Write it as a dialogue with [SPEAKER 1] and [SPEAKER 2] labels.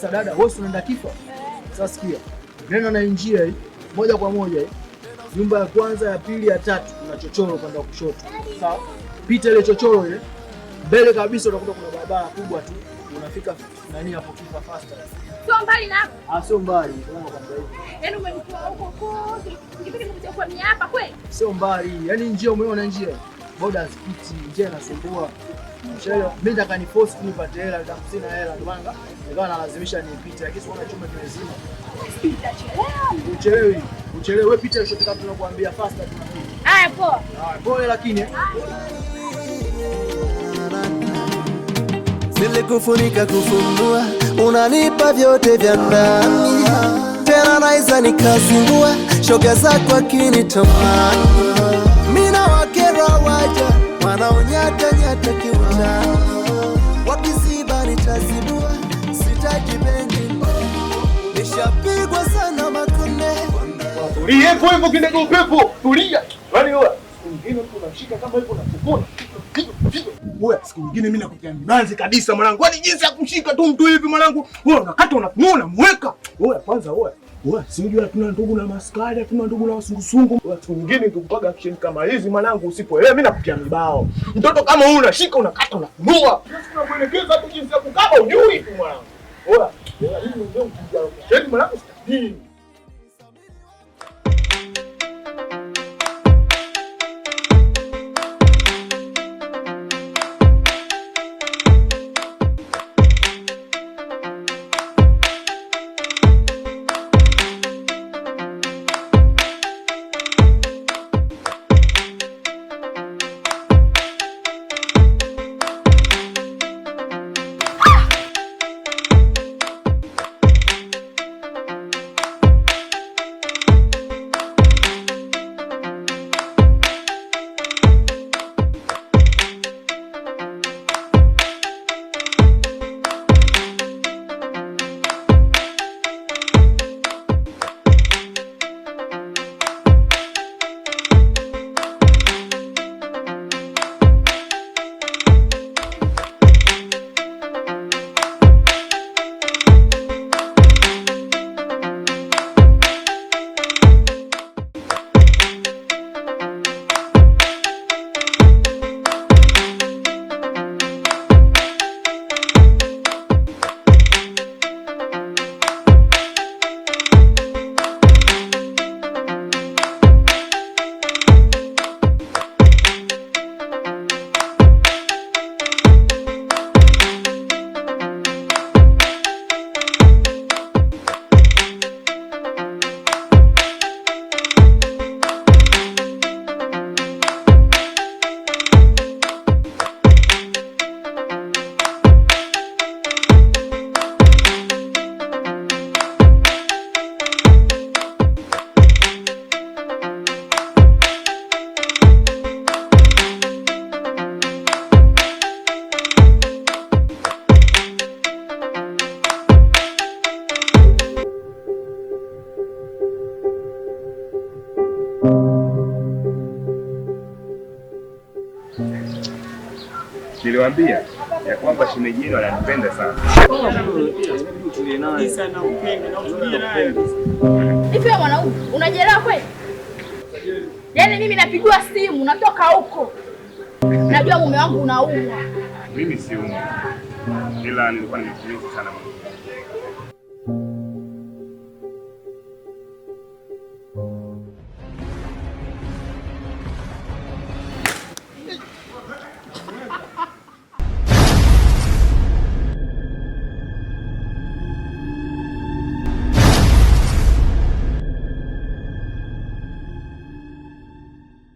[SPEAKER 1] Sasa dada, wewe unaenda kifa. Sasa sikia neno na injia hii moja kwa moja, nyumba ya kwanza, ya pili, ya tatu, kuna chochoro upande wa kushoto, sawa? Pita ile chochoro ile mbele kabisa, utakuta kuna barabara kubwa tu, unafika nani hapo, kifa faster.
[SPEAKER 2] Sio mbali na hapo,
[SPEAKER 1] ah, sio mbali,
[SPEAKER 2] yaani umenitoa huko kote, ningekuja kwa mimi hapa kweli,
[SPEAKER 1] sio mbali, yaani njia umeona njia boda zipiti, njia inasumbua mimi nataka ni force tu nipate hela, sina hela, ndio maana nikawa nalazimisha nipite, lakini kimezima. Uchelewi, uchelewi, wewe pita ushotaka, tunakuambia faster.
[SPEAKER 2] Haya, poa.
[SPEAKER 1] Haya, lakini nilikufunika kufungua, unanipa vyote vya ndani, tena naiza nikazingua, shoga zako akinitamani tena wakiziba nitazibua, sitaki pengine, nishapigwa kidogo upepo, tulia. Yaani wewe siku nyingine mimi nakutia mbanzi kabisa mwanangu, yaani jinsi ya kumshika tu mtu hivi mwanangu, wewe unakata unamweka wewe kwanza wewe si unajua ndugu na maskari, hatuna ndugu na wasungusungu. Watu wengine ningekupaga action kama hizi mwanangu, usipoelewa mimi nakupia mibao. Mtoto kama huyu unashika unakata unafunua. Tunakuelekeza tu jinsi ya kukaba, ujui tu mwanangu. Bora. Mwanangu sitapii. niliwaambia ya kwamba shemeji yenu ananipenda sana. Hivi mwanaume unajelewa kweli? Yaani mimi napigiwa simu natoka huko, najua mume wangu unaumwa. Mimi siumwa, ila nilikuwa nimekuuliza sana